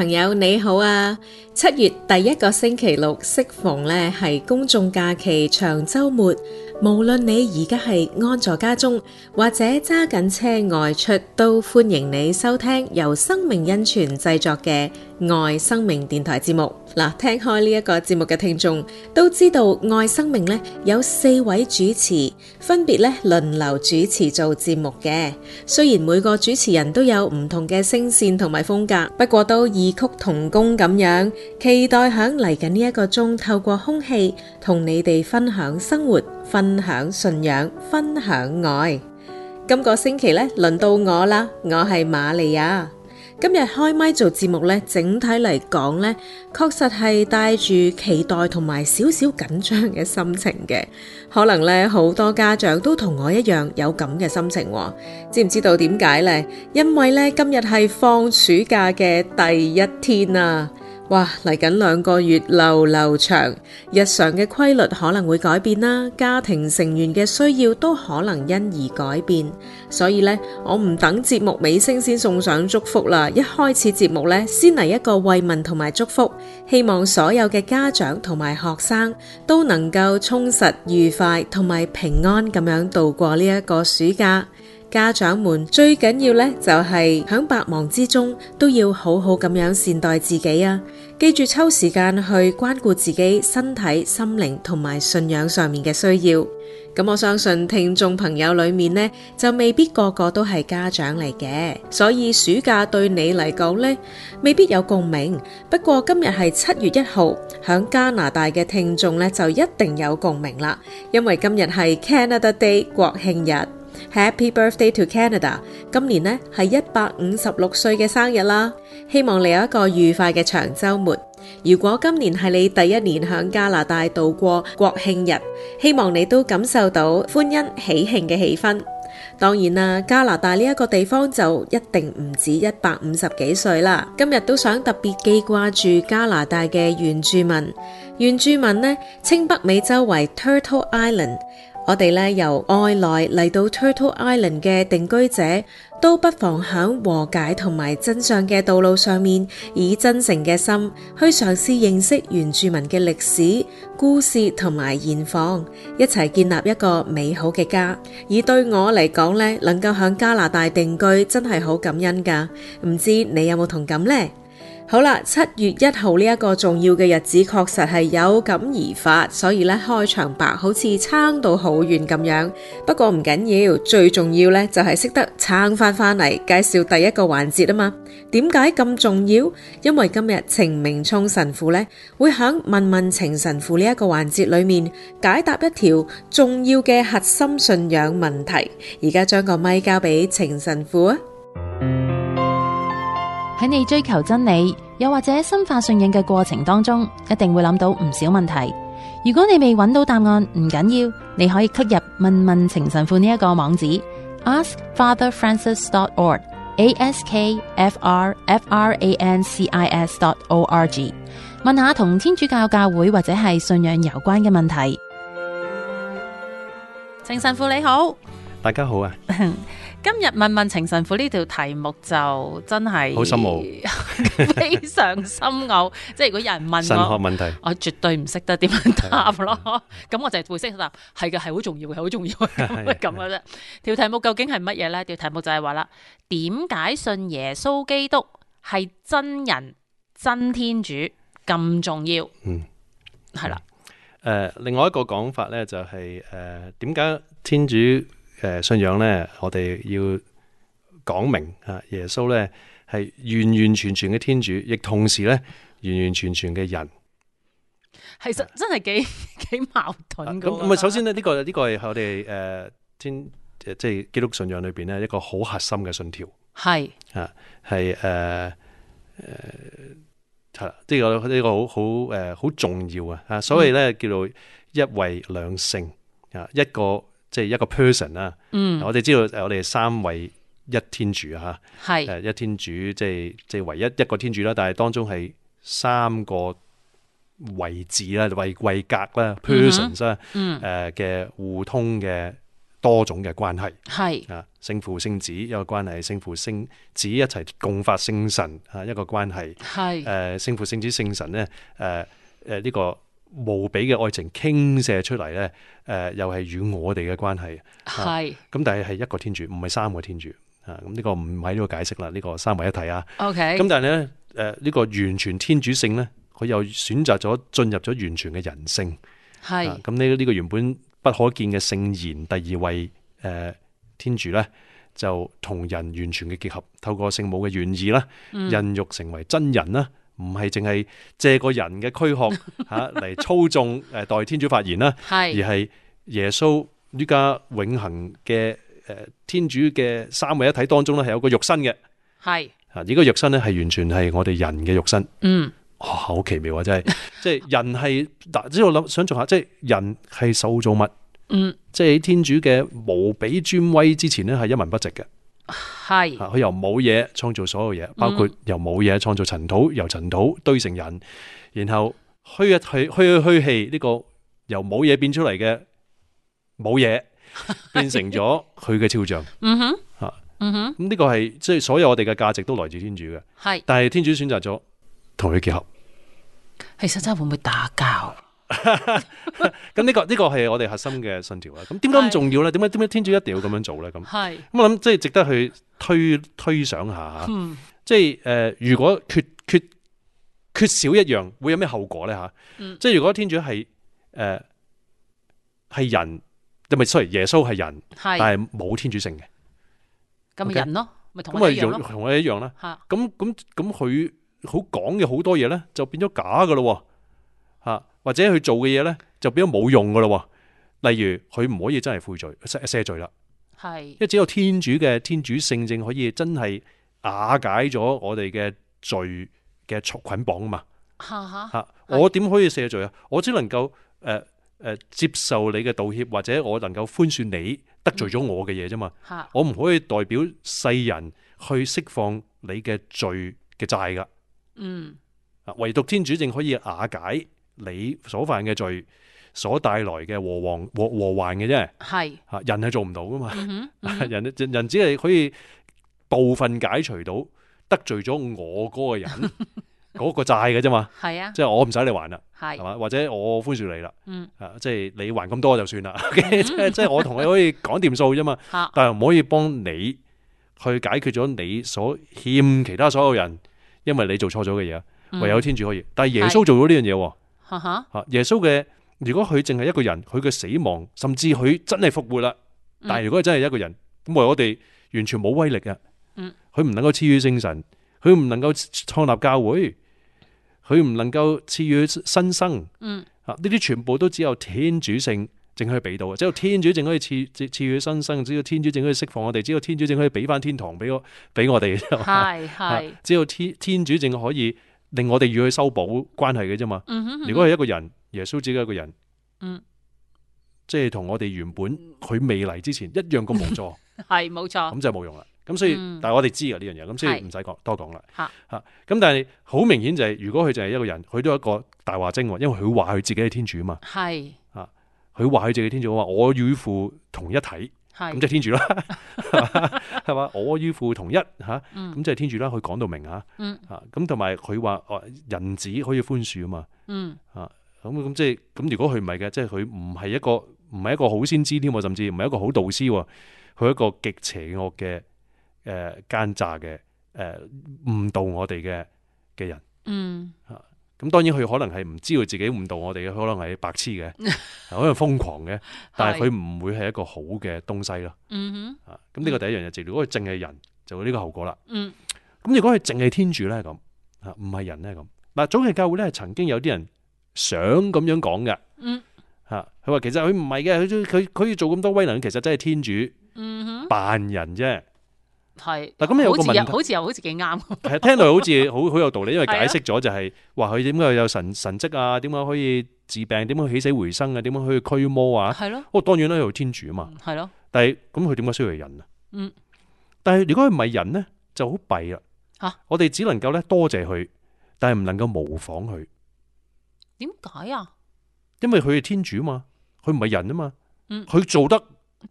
朋友你好啊，七月第一個星期六適逢呢係公眾假期長周末，無論你而家係安坐家中或者揸緊車外出，都歡迎你收聽由生命恩泉製作嘅。愛生命電台節目嗱，聽開呢一個節目嘅聽眾都知道，愛生命呢有四位主持，分別呢輪流主持做節目嘅。雖然每個主持人都有唔同嘅聲線同埋風格，不過都異曲同工咁樣，期待響嚟緊呢一個鐘，透過空氣同你哋分享生活，分享信仰，分享愛。今個星期呢，輪到我啦，我係瑪利亞。今日開咪做節目咧，整體嚟講咧，確實係帶住期待同埋少少緊張嘅心情嘅。可能咧，好多家長都同我一樣有咁嘅心情。知唔知道點解呢？因為咧，今日係放暑假嘅第一天啊！哇！嚟緊兩個月流流長，日常嘅規律可能會改變啦，家庭成員嘅需要都可能因而改變，所以咧，我唔等節目尾聲先送上祝福啦，一開始節目咧，先嚟一個慰問同埋祝福，希望所有嘅家長同埋學生都能夠充實、愉快同埋平安咁樣度過呢一個暑假。家長們，最緊要咧，就係喺百忙之中，都要好好咁樣善待自己啊。記住，抽時間去關顧自己身體、心靈同埋信仰上面的需要。咁我相信，聽眾朋友裏面咧，就未必個個都係家長嚟嘅。所以，暑假對你嚟講咧，未必有共鳴。不過，今日係七月一號，喺加拿大嘅聽眾咧就一定有共鳴啦。因為今日係 Canada Day 國慶日。Happy birthday to Canada！今年呢，係一百五十六歲嘅生日啦，希望你有一個愉快嘅長周末。如果今年係你第一年響加拿大度過國慶日，希望你都感受到歡欣喜慶嘅氣氛。當然啦，加拿大呢一個地方就一定唔止一百五十幾歲啦。今日都想特別記掛住加拿大嘅原住民，原住民呢，稱北美洲為 Turtle Island。我哋咧由外來嚟到 Turtle Island 嘅定居者，都不妨喺和解同埋真相嘅道路上面，以真誠嘅心去嘗試認識原住民嘅歷史、故事同埋現況，一齊建立一個美好嘅家。而對我嚟講咧，能夠喺加拿大定居，真係好感恩噶。唔知你有冇同感咧？好啦, 7月1號呢一個重要嘅日子確實係有感而發，所以呢開場白，好似撐到好遠咁樣。不過唔緊要，最重要呢就係識得撐返返嚟，介紹第一個環節㗎嘛。點解咁重要？因為今日程明聰神父呢，會喺問問程神父呢一個環節裏面解答一條重要嘅核心信仰問題。而家將個咪交俾程神父。喺你 追求真理，又或者深化信仰嘅過程當中，一定會諗到唔少問題。如果你未揾到答案，唔緊要，你可以 click 入問問情神父呢一個網址 askfatherfrancis.org，askf r f r a n c i s.org，問下同天主教教會或者係信仰有關嘅問題。情 神父你好，大家好啊。 今日問問情神父呢條題目就真係好深奧，非常深奧。深 深 即係如果有人問我神學問題，我絕對唔識得點、嗯、樣答咯。咁我就係會識答，係嘅，係好重要，係好重要咁嘅啫。條題目究竟係乜嘢咧？條題目就係話啦，點解信耶穌基督係真人真天主咁重要？嗯，係啦。誒、嗯呃，另外一個講法咧就係、是、誒、點、呃、解天主？誒，信仰咧，我哋要講明啊，耶穌咧係完完全全嘅天主，亦同時咧完完全全嘅人。其實真係幾幾矛盾噶。咁唔係，首先咧呢個呢個係我哋誒天即係基督信仰裏邊咧一個好核心嘅信條。係啊，係誒誒，即係呢個呢個好好誒好重要啊！啊，所謂咧叫做一位兩性啊，一個。即係一個 person 啦、啊嗯，我哋知道誒，我哋係三位一天主吓、啊，係誒、呃、一天主、就是，即係即係唯一一個天主啦、啊。但係當中係三個位置啦、啊、位位格啦、啊、persons 啦誒嘅互通嘅多種嘅關係，係啊，聖父聖子一個關係，聖父聖子一齊共發聖神啊，一個關係，係誒聖父聖子聖神咧誒誒呢、呃呃這個。無比嘅愛情傾瀉出嚟咧，誒、呃，又係與我哋嘅關係，係，咁、啊、但係係一個天主，唔係三個天主，啊，咁、這、呢個唔係呢個解釋啦，呢、這個三位一體啊，OK，咁但係咧，誒、呃，呢、這個完全天主性咧，佢又選擇咗進入咗完全嘅人性，係，咁呢呢個原本不可見嘅聖言，第二位誒、呃、天主咧，就同人完全嘅結合，透過聖母嘅願意啦，孕育成為真人啦。嗯唔係淨係借個人嘅軀殼吓嚟操縱誒代天主發言啦， 而係耶穌呢家永恆嘅誒天主嘅三位一體當中咧，係有個肉身嘅。係啊，呢、這個肉身咧係完全係我哋人嘅肉身。嗯，好奇妙啊，真係，即、就、係、是、人係嗱，只要諗想做下，即、就、係、是、人係受造物，嗯，即係喺天主嘅無比尊威之前咧，係一文不值嘅。係，佢由冇嘢創造所有嘢，包括由冇嘢創造塵土，由塵土堆成人，然後虛一氣虛一虛氣呢個由冇嘢變出嚟嘅冇嘢，變成咗佢嘅肖像。嗯哼，吓、嗯，哼，咁呢個係即係所有我哋嘅價值都來自天主嘅。係，但係天主選擇咗同佢結合。其實真係會唔會打交？咁 呢個呢個係我哋核心嘅信條啦。咁點解咁重要咧？點解點解天主一定要咁樣做咧？咁係咁我諗即係值得去推推想一下吓。即係誒，如果缺缺缺少一樣，會有咩後果咧？吓、啊、即、嗯、係如果天主係誒係人，又咪 sorry 耶穌係人，是但係冇天主性嘅，咁咪人咯、啊，咪同我一樣咯，同我一樣啦。咁咁咁佢好講嘅好多嘢咧，就變咗假噶咯。吓，或者佢做嘅嘢咧，就變咗冇用噶咯。例如佢唔可以真係悔罪，赦罪啦。係，因為只有天主嘅天主聖正可以真係瓦解咗我哋嘅罪嘅捆綁啊嘛。吓、啊、我點可以赦罪啊？我只能夠誒誒接受你嘅道歉，或者我能夠寬恕你得罪咗我嘅嘢啫嘛。我唔可以代表世人去釋放你嘅罪嘅債噶。嗯，唯獨天主正可以瓦解。你所犯嘅罪所帶來嘅和王和和還嘅啫，係吓，人係做唔到噶嘛？嗯嗯、人人只係可以部分解除到得罪咗我嗰個人嗰個債嘅啫嘛。係 啊，即係我唔使你還啦，係嘛？或者我寬恕你啦，啊，即係你還咁多就算啦。即係即係我同你可以講掂數啫嘛， 但係唔可以幫你去解決咗你所欠其他所有人，因為你做錯咗嘅嘢，唯有天主可以。但係耶穌做咗呢樣嘢。吓、啊、吓耶穌嘅如果佢淨係一個人，佢嘅死亡，甚至佢真係復活啦、嗯。但係如果佢真係一個人，咁為我哋完全冇威力嘅。嗯，佢唔能夠賜予聖神，佢唔能夠創立教會，佢唔能夠賜予新生。嗯，啊，呢啲全部都只有天主性，正可以俾到嘅。只有天主正可以賜賜予新生，只有天主正可以釋放我哋，只有天主正可以俾翻天堂俾我俾我哋嘅。係係， 只有天天主正可以。令我哋要去修補關係嘅啫嘛。如果係一個人，耶穌自己一個人，嗯、即係同我哋原本佢未嚟之前一樣咁無助。係， 冇錯。咁就冇用啦。咁所以，嗯、但係我哋知噶呢樣嘢，咁所以唔使講多講啦。吓吓，咁但係好明顯就係、是，如果佢就係一個人，佢都係一個大話精，因為佢話佢自己係天主啊嘛。係啊，佢話佢自己天主，我與父同一體。咁即係天主啦，係嘛？我於父同一嚇、啊，咁即係天主啦、啊。佢講到明嚇、嚇咁同埋佢話，人子可以寬恕啊嘛、嗯。啊，咁咁即係咁。如果佢唔係嘅，即係佢唔係一個唔係一個好先知添，甚至唔係一個好導師喎、啊。佢係一個極邪惡嘅誒、呃、奸詐嘅誒、呃、誤導我哋嘅嘅人。嗯、啊。咁當然佢可能係唔知道自己誤導我哋嘅，可能係白痴嘅，可 能瘋狂嘅，但係佢唔會係一個好嘅東西咯。 嗯哼，咁呢個第一樣嘢，如果佢淨係人，就會呢個後果啦。嗯，咁如果佢淨係天主咧，咁，唔係人咧，咁。嗱，早期教會咧，曾經有啲人想咁樣講嘅。嗯，佢話其實佢唔係嘅，佢佢佢要做咁多威能，其實真係天主，扮、嗯、人啫。係，但係咁又有個問題，好似又好似幾啱。係 聽落好似好好有道理，因為解釋咗就係話佢點解有神神跡啊？點解可以治病？點解起死回生啊？點解可以驅魔啊？係咯，哦，當然啦，佢係天主啊嘛，係咯、啊。但係咁佢點解需要人啊？嗯，但係如果佢唔係人咧，就好弊啦。吓、啊，我哋只能夠咧多謝佢，但係唔能夠模仿佢。點解啊？因為佢係天主啊嘛，佢唔係人啊嘛，佢、嗯、做得。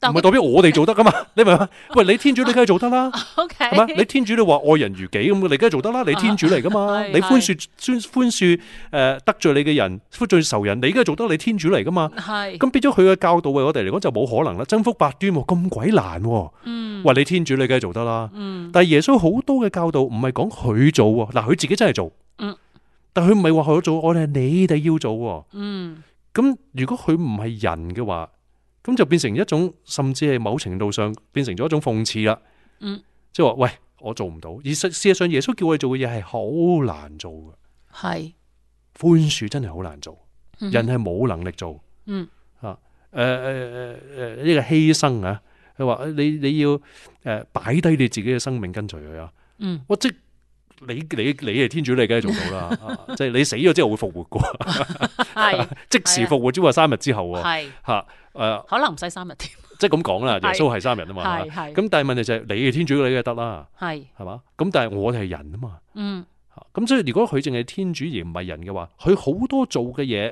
唔係代表我哋做得噶嘛？你明嘛？喂，你天主你梗係做得啦，係嘛？你、, okay、你天主你話愛人如己咁，你梗係做得啦。你天主嚟噶嘛？啊、你寬恕寬恕誒得罪你嘅人，得罪仇人，你梗係做得。你天,啊嗯、你天主嚟噶嘛？咁，變咗佢嘅教導為我哋嚟講就冇可能啦，真福八端咁鬼難。喎！喂，你天主你梗係做得啦。但係耶穌好多嘅教導唔係講佢做，嗱，佢自己真係做。嗯、但係佢唔係話佢做，我哋係你哋要做。喎、嗯！咁如果佢唔係人嘅話。咁就變成一種，甚至係某程度上變成咗一種諷刺啦。嗯，即係話喂，我做唔到，而實事實上耶穌叫我哋做嘅嘢係好難做嘅。係寬恕真係好難做，嗯、人係冇能力做。嗯啊，誒誒誒誒呢個犧牲啊，佢話你你要誒擺低你自己嘅生命跟隨佢啊。嗯，我、啊、即你你你係天主，你梗係做到啦。即 係你死咗之後會復活噶， 即時復活，啊、即係三日之後、啊。係吓。啊誒、uh,，可能唔使三日添，即係咁講啦。耶穌係三人啊嘛，係係咁，但係問題就係、是、你係天主，你得啦，係係嘛？咁但係我哋係人啊嘛，嗯，咁所以如果佢淨係天主而唔係人嘅話，佢好多做嘅嘢，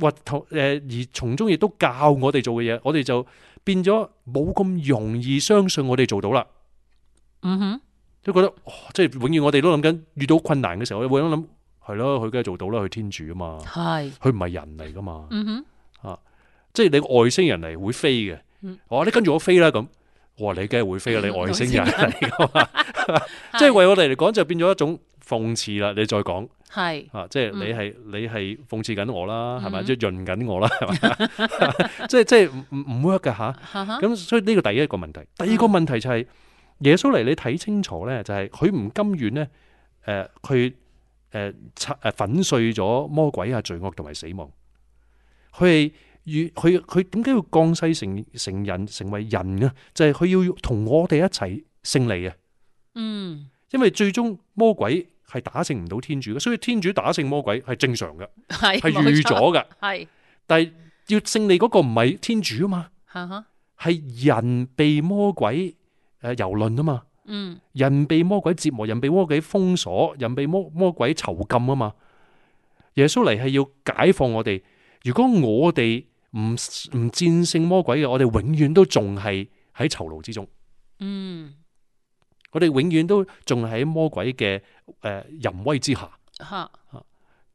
或同誒，而從中亦都教我哋做嘅嘢，我哋就變咗冇咁容易相信我哋做到啦。嗯哼，都覺得、哦、即係永遠我哋都諗緊遇到困難嘅時候，我哋會諗諗係咯，佢梗係做到啦，佢天主啊嘛，係佢唔係人嚟噶嘛，嗯哼啊。即係你外星人嚟，會飛嘅，我、嗯哦、你跟住我飛啦咁，我話你梗係會飛啦，你外星人嚟噶嘛？嗯、 即係為我哋嚟講就變咗一種諷刺啦。你再講係啊，即係你係、嗯、你係諷刺緊我啦，係咪、嗯？ 即係潤緊我啦，係咪？即係即係唔 work 噶吓。咁 所以呢個第一個問題，第二個問題就係、是嗯、耶穌嚟，你睇清楚咧，就係佢唔甘願咧。誒、呃、佢誒誒粉碎咗魔鬼啊罪惡同埋死亡，佢。佢佢點解要降世成成人成為人啊？就係、是、佢要同我哋一齊勝利啊！嗯，因為最終魔鬼係打勝唔到天主嘅，所以天主打勝魔鬼係正常嘅，係預咗嘅。係，但係要勝利嗰個唔係天主啊嘛，係人被魔鬼誒蹂躪啊嘛，嗯，人被魔鬼折磨，人被魔鬼封鎖，人被魔鬼人被魔鬼囚禁啊嘛。耶穌嚟係要解放我哋，如果我哋。唔唔戰勝魔鬼嘅，我哋永遠都仲係喺囚牢之中。嗯，我哋永遠都仲喺魔鬼嘅誒淫威之下。吓，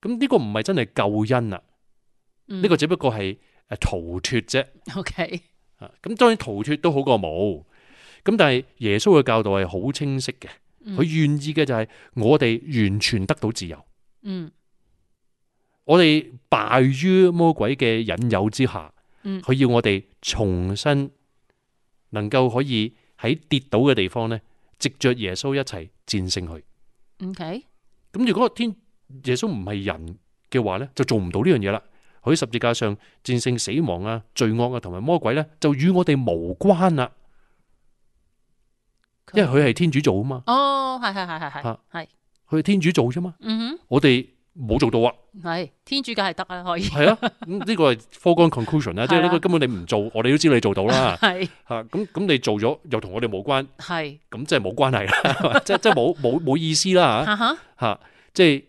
咁呢個唔係真係救恩啊，呢、嗯，這個只不過係誒逃脫啫、嗯。OK，咁當然逃脫都好過冇。咁但係耶穌嘅教導係好清晰嘅，佢、嗯、願意嘅就係我哋完全得到自由。嗯。我哋敗於魔鬼嘅引誘之下，佢要我哋重新能夠可以喺跌倒嘅地方咧，藉着耶穌一齊戰勝佢。OK，咁如果個天耶穌唔係人嘅話咧，就做唔到呢樣嘢啦。佢十字架上戰勝死亡啊、罪惡啊同埋魔鬼咧，就與我哋無關啦，okay. 因為佢係天主做啊嘛。哦，係係係係係，係佢係天主做啫嘛。嗯哼，我哋。冇做到啊！係天主教係得啊，可以係 啊。咁呢個係 foregone conclusion 咧，啊、即係呢個根本你唔做，我哋都知道你做到啦。係吓咁咁，你做咗又同我哋冇關。係咁、啊、即係冇關係啦， 即係即係冇冇冇意思啦吓吓，即係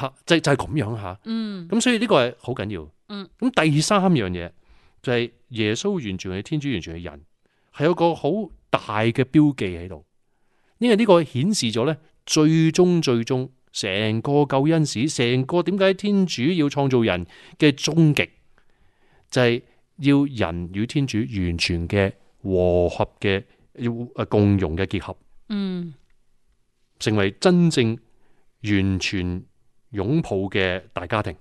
吓即係就係、是、咁、就是、樣吓、啊。嗯，咁所以呢個係好緊要。嗯，咁第三樣嘢就係、是、耶穌完全係天主，完全係人，係有個好大嘅標記喺度，因為呢個顯示咗咧最終最終。成個救恩史，成個點解天主要創造人嘅終極，就係要人與天主完全嘅和合嘅、要誒共融嘅結合，嗯，成為真正完全擁抱嘅大家庭，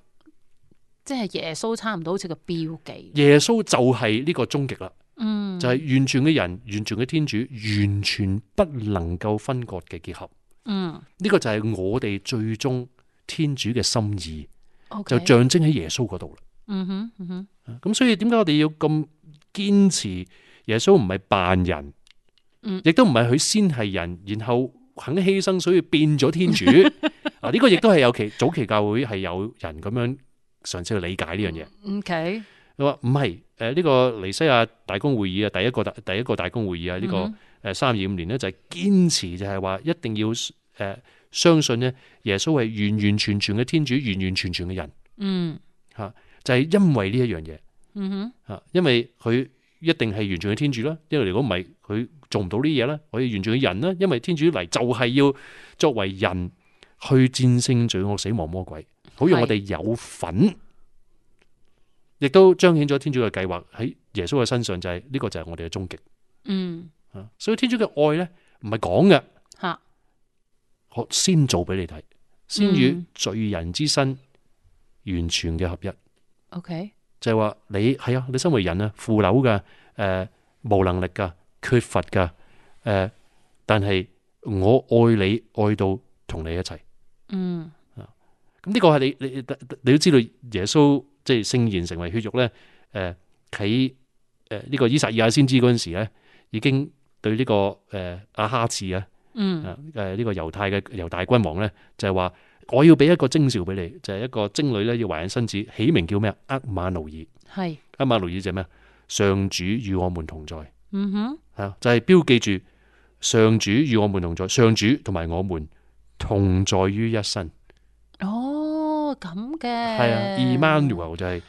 即係耶穌差唔多好似個標記，耶穌就係呢個終極啦，嗯，就係完全嘅人，完全嘅天主，完全不能夠分割嘅結合。嗯，呢、這個就係我哋最終天主嘅心意，okay，就象徵喺耶穌嗰度啦。嗯哼，嗯哼。咁所以點解我哋要咁堅持耶穌唔係扮人，亦都唔係佢先係人，然後肯犧牲，所以變咗天主。啊， 呢個亦都係有其早期教會係有人咁樣嘗試去理解呢樣嘢。O、嗯、K。佢話唔係，誒、這、呢個尼西亞大公會議啊，第一個第一個大公會議啊，呢、這個。嗯誒，三二五年咧，就係堅持，就係話一定要誒，相信咧耶穌係完完全全嘅天主，完完全全嘅人。嗯，吓就係、是、因為呢一樣嘢。嗯哼，吓因為佢一定係完全嘅天主啦，因為如果唔係佢做唔到呢啲嘢啦，可以完全嘅人啦，因為天主嚟就係要作為人去戰勝罪惡、死亡、魔鬼，好讓我哋有份，亦都彰顯咗天主嘅計劃喺耶穌嘅身上、就是，就係呢個就係我哋嘅終極。嗯。所以天主嘅愛咧，唔係講嘅，吓，我先做俾你睇，先與罪人之身完全嘅合一。OK，、嗯、就係、是、話你係啊，你身為人啊，腐朽嘅，誒、呃，無能力嘅，缺乏嘅，誒、呃，但係我愛你，愛到同你一齊。嗯咁呢、嗯、個係你你你都知道耶穌即係聖言成為血肉咧，誒、呃，喺誒呢個以撒亞先知嗰陣時咧，已經。對、這、呢個誒阿、呃、哈次啊，嗯誒、啊、呢、這個猶太嘅猶大君王咧，就係、是、話我要俾一個徵兆俾你，就係、是、一個貞女咧要懷孕生子，起名叫咩啊？厄馬奴爾係厄馬奴爾，爾就係咩啊？上主與我們同在，嗯哼，係啊，就係、是、標記住上主與我們同在，上主同埋我們同在於一身。哦，咁嘅係啊，厄馬奴爾就係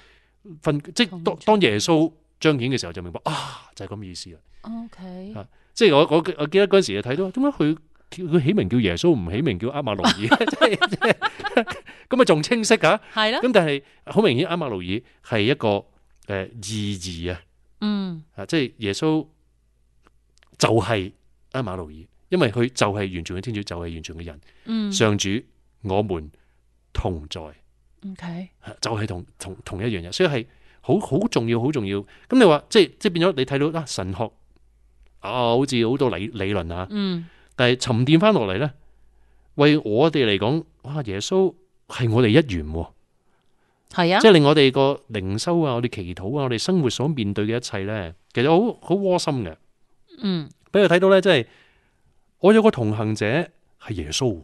分即係、就是、當當耶穌彰顯嘅時候就明白啊，就係、是、咁意思啦。O、哦、K 啊。即係我我我記得嗰陣時就睇到，點解佢佢起名叫耶穌，唔起名叫阿馬路爾，咁咪仲清晰噶。係咯。咁但係好明顯，阿馬路爾係一個誒意義啊。嗯。啊，即係耶穌就係阿馬路爾，因為佢就係完全嘅天主，就係完全嘅人。嗯。上主，我們同在。OK。就係同同同一樣嘢，所以係好好重要，好重要。咁你話即係即係變咗，你睇到啦，神學。啊，好似好多理理論啊，嗯、但係沉澱翻落嚟咧，為我哋嚟講，哇，耶穌係我哋一員，係啊，即係、啊就是、令我哋個靈修啊，我哋祈禱啊，我哋生活所面對嘅一切咧，其實好好窩心嘅，嗯，俾佢睇到咧，即係我有個同行者係耶穌，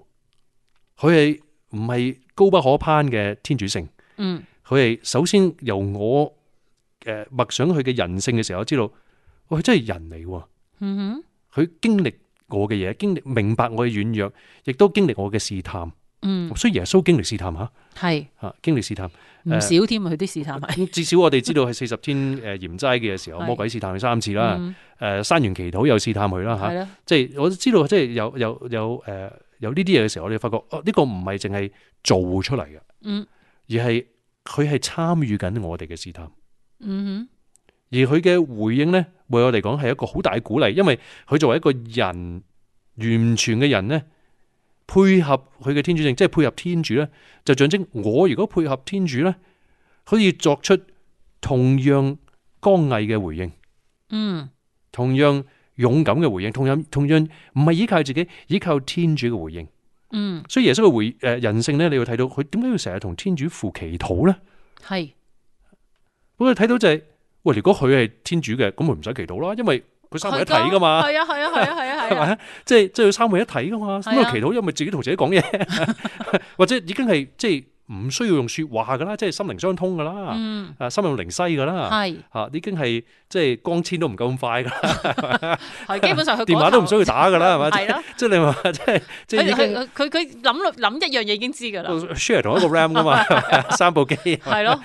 佢係唔係高不可攀嘅天主聖，嗯，佢係首先由我誒、呃、默想佢嘅人性嘅時候，我知道，喂，真係人嚟、啊。嗯哼，佢經歷過嘅嘢，經歷明白我嘅軟弱，亦都經歷我嘅試探。嗯，雖然耶穌經歷試探吓，係吓經歷試探唔少添，佢啲試探 至少我哋知道係四十天誒嚴齋嘅時候，魔鬼試探佢三次啦。誒、嗯，山、呃、園祈禱又試探佢啦吓。係啦，即、啊、係、就是、我知道，即係有有有誒有呢啲嘢嘅時候，我哋發覺哦呢、這個唔係淨係做出嚟嘅，嗯，而係佢係參與緊我哋嘅試探。嗯哼。而佢嘅回應呢，為我嚟講係一個好大嘅鼓勵，因為佢作為一個人，完全嘅人呢，配合佢嘅天主性，即係配合天主呢，就象徵我如果配合天主呢，可以作出同樣剛毅嘅回應，嗯，同樣勇敢嘅回應，同樣同樣唔係依靠自己，依靠天主嘅回應，嗯，所以耶穌嘅回誒、呃、人性呢，你要睇到佢點解要成日同天主父祈禱呢？係，我哋睇到就係、是。喂，如果佢係天主嘅，咁佢唔使祈禱啦，因為佢三位一體㗎嘛。係、就是 就是、啊，係啊，係啊，係啊，係啊。即係即係三位一體㗎嘛，使乜祈禱？因為自己同自己講嘢， 或者已經係即係。就是唔需要用說話噶啦，即係心靈相通噶啦，啊，心有靈犀噶啦，係吓，已經係即係光纖都唔夠咁快噶，係基本上佢電話都唔需要打噶啦，係咪？係咯，即係你話即係即係，佢佢諗諗一樣嘢已經知噶啦，share 同一個 RAM 噶嘛，三部機係咯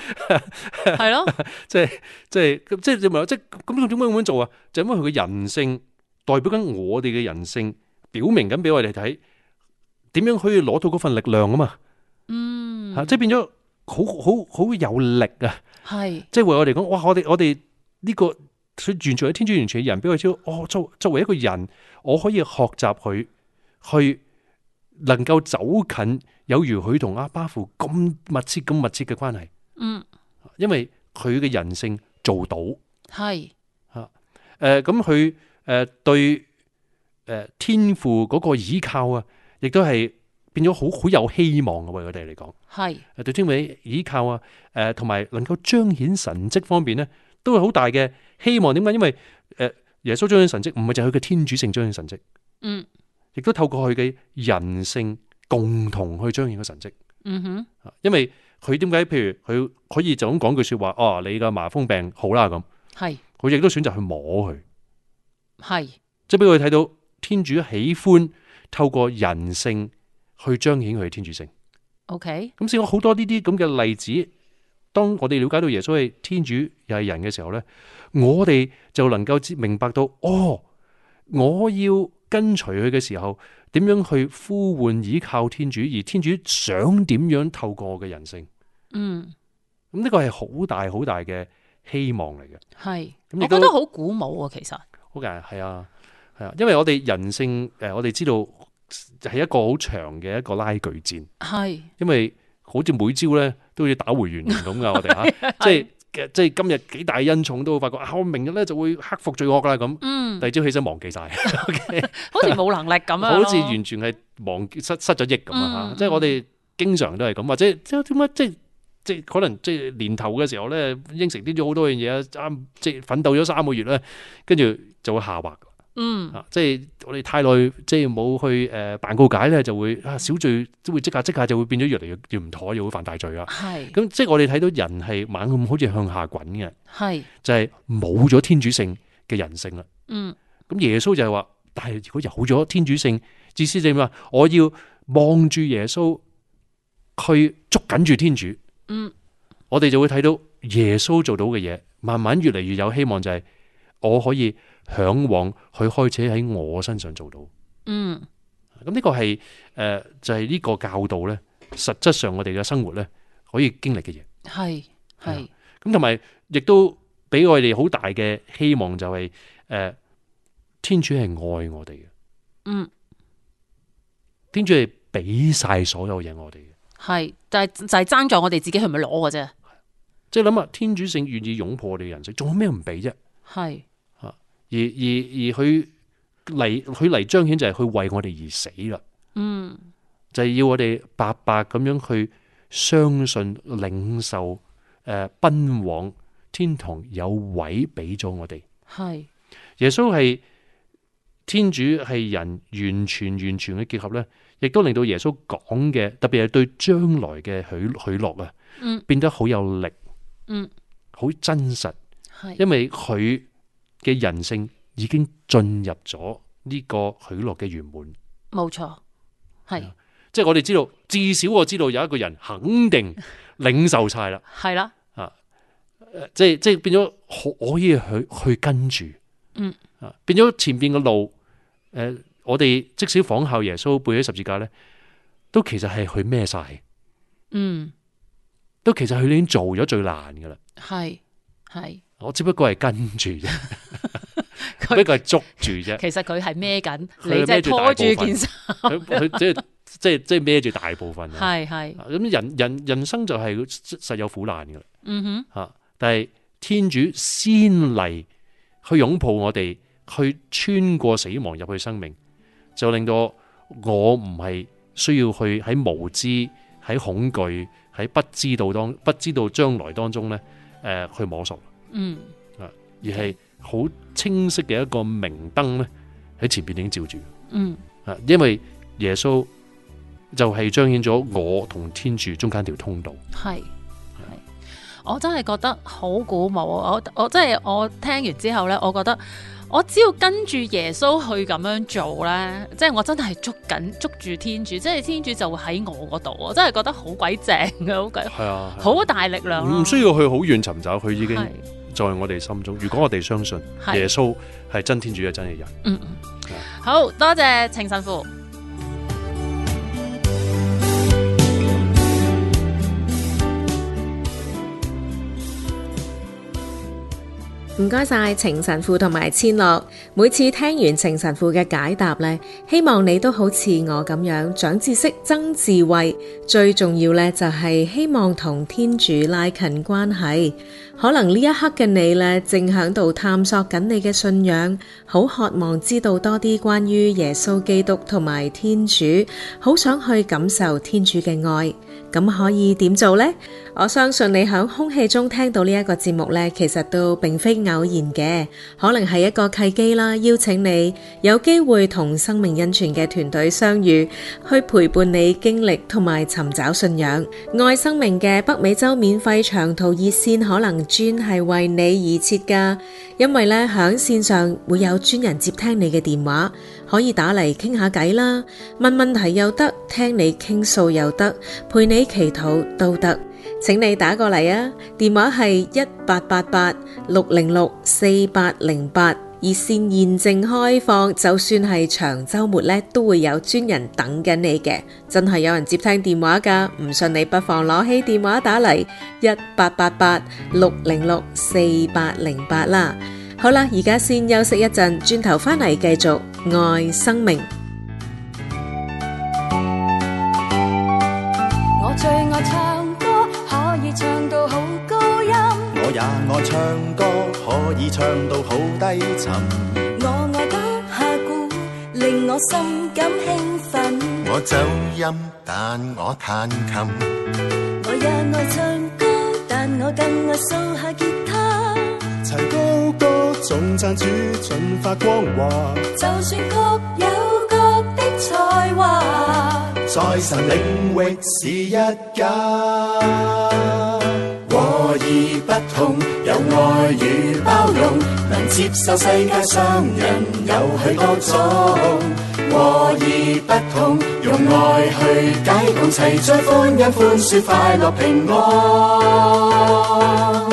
係咯，即係即係即係你話即咁點解咁樣做啊？就因為佢嘅人性代表緊我哋嘅人性，表明緊俾我哋睇點樣可以攞到嗰份力量啊嘛。即係變咗好好好有力啊！係，即係為我哋講，哇！我哋我哋呢、這個佢完全喺天主完全嘅人，俾佢知。我、哦、作作為一個人，我可以學習佢，去能夠走近，有如佢同阿巴父咁密切、咁密切嘅關係。嗯，因為佢嘅人性做到係吓，誒，咁佢誒對誒天父嗰個依靠啊，亦都係。變咗好好有希望嘅，為佢哋嚟講係對天主倚靠啊！誒、呃，同埋能夠彰顯神蹟方面咧，都係好大嘅希望。點解？因為誒，耶穌彰顯神蹟唔係就係佢嘅天主性彰顯神蹟，嗯，亦都透過佢嘅人性共同去彰顯個神蹟。嗯哼，因為佢點解？譬如佢可以就咁講句說話，哦、啊，你嘅麻風病好啦，咁，係佢亦都選擇去摸佢，係，即係俾佢睇到天主喜歡透過人性。去彰顯佢嘅天主性。OK，咁所以我好多呢啲咁嘅例子，當我哋了解到耶穌係天主又係人嘅時候咧，我哋就能夠明白到，哦，我要跟隨佢嘅時候，點樣去呼喚倚靠天主，而天主想點樣透過我嘅人性，嗯，咁呢個係好大好大嘅希望嚟嘅。係，我覺得好鼓舞啊，其實。好嘅，係啊，係啊，因為我哋人性，誒、呃，我哋知道。係一個好長嘅一個拉鋸戰，係，因為好似每朝咧都要打回原形咁噶，我哋吓，即係即係今日幾大恩寵，都會發覺啊，我明日咧就會克服罪惡啦，咁，嗯，第二朝起身忘記晒、嗯、 好似冇能力咁樣，好似完全係忘失失咗憶咁啊，吓、嗯，即係我哋經常都係咁，或者即係點解即係即係可能即係年頭嘅時候咧，應承啲咗好多樣嘢啊，即係奮鬥咗三個月咧，跟住就會下滑。嗯，即係我哋太耐，即係冇去誒辦告解咧，就會啊小罪都會即刻即刻就會立刻立刻變咗越嚟越唔妥，又會犯大罪啊。係，咁即係我哋睇到人係猛咁好似向下滾嘅，係，就係冇咗天主性嘅人性啦。嗯，咁耶穌就係話，但係如果有咗天主性，自私正話，我要望住耶穌去捉緊住天主。嗯，我哋就會睇到耶穌做到嘅嘢，慢慢越嚟越有希望，就係我可以。向往去開始喺我身上做到，嗯，咁呢個係誒就係、是、呢個教導咧，實質上我哋嘅生活咧可以經歷嘅嘢，係係，咁同埋亦都俾我哋好大嘅希望，就是，就係誒天主係愛我哋嘅，嗯，天主係俾晒所有嘢我哋嘅，係，但係就係爭在我哋自己係咪攞嘅啫，即係諗下天主聖願意擁抱我哋嘅人性，仲有咩唔俾啫？係。而而而佢嚟佢嚟彰顯就係佢為我哋而死啦，嗯，就係、是、要我哋白白咁樣去相信領受誒奔往天堂有位俾咗我哋，係耶穌係天主係人完全完全嘅結合咧，亦都令到耶穌講嘅特別係對將來嘅許許諾啊，嗯，變得好有力，嗯，好真實，係因為佢。嘅人性已經進入咗呢個許諾嘅圓滿，冇錯，係即係我哋知道，至少我知道有一個人肯定領受晒啦，係 啦，啊，即係即係變咗可以去去跟住，嗯，啊，變咗前邊嘅路，誒、啊，我哋即使仿效耶穌背咗十字架咧，都其實係去孭晒，嗯，都其實佢已經做咗最難噶啦，係係。我只不過係跟住啫， 只不過係捉住啫。其實佢係孭緊，你即係拖住件衫。佢即係即係即係孭住大部分。係係咁，人人人生就係、是、實有苦難噶啦。嗯哼，吓，但係天主先嚟去擁抱我哋，去穿過死亡入去生命，就令到我唔係需要去喺無知、喺恐懼、喺不知道當、不知道將來當中咧，誒、呃、去摸索。嗯，啊，而係好清晰嘅一個明燈咧，喺前邊已經照住，嗯，啊，因為耶穌就係彰顯咗我同天主中間一條通道，係係，我真係覺得好鼓舞，我我，我真係我聽完之後咧，我覺得我只要跟住耶穌去咁樣做咧，即係我真係捉緊捉住天主，即係天主就會喺我嗰度，我真係覺得好鬼正嘅，好鬼係啊，啊，好大力量啊，唔需要去好遠尋找，佢已經。在我哋心中，如果我哋相信耶穌係真天主嘅真嘅人，嗯，好多謝程神父。唔該晒，程神父同埋千樂，每次聽完程神父嘅解答咧，希望你都好似我咁樣長知識、增智慧，最重要咧就係希望同天主拉近關係。可能呢一刻嘅你啦，正響度探索緊你嘅信仰，好渴望知道多啲關於耶穌基督同埋天主，好想去感受天主嘅愛。咁可以點做呢？我相信你響空氣中聽到呢一個節目咧，其實都並非偶然嘅，可能係一個契機啦。邀請你有機會同生命恩泉嘅團隊相遇，去陪伴你經歷同埋尋找信仰。愛生命嘅北美洲免費長途熱線可能專係為你而設噶，因為咧響線上會有專人接聽你嘅電話。可以打嚟傾下偈啦，問問題又得，聽你傾訴又得，陪你祈禱都得。請你打過嚟啊，電話係一八八八六零六四八零八，熱線現正開放，就算係長週末咧，都會有專人等緊你嘅。真係有人接聽電話噶，唔信你不妨攞起電話打嚟一八八八六零六四八零八啦。好啦，而家先休息一陣，轉頭翻嚟繼續愛生命。我最愛唱歌，可以唱到好高音。我也愛唱歌，可以唱到好低沉。我愛打下鼓，令我心感興奮。我走音，但我彈琴。我也愛唱歌，但我更愛掃下吉他。齊高歌。眾讚主盡發光華，就算各有各的才華，在神領域是一家。和而不同，有愛與包容，能接受世界上人有許多種。和而不同，用愛去解凍，齊聚歡欣歡笑，快樂平安，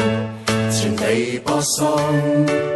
全地播送。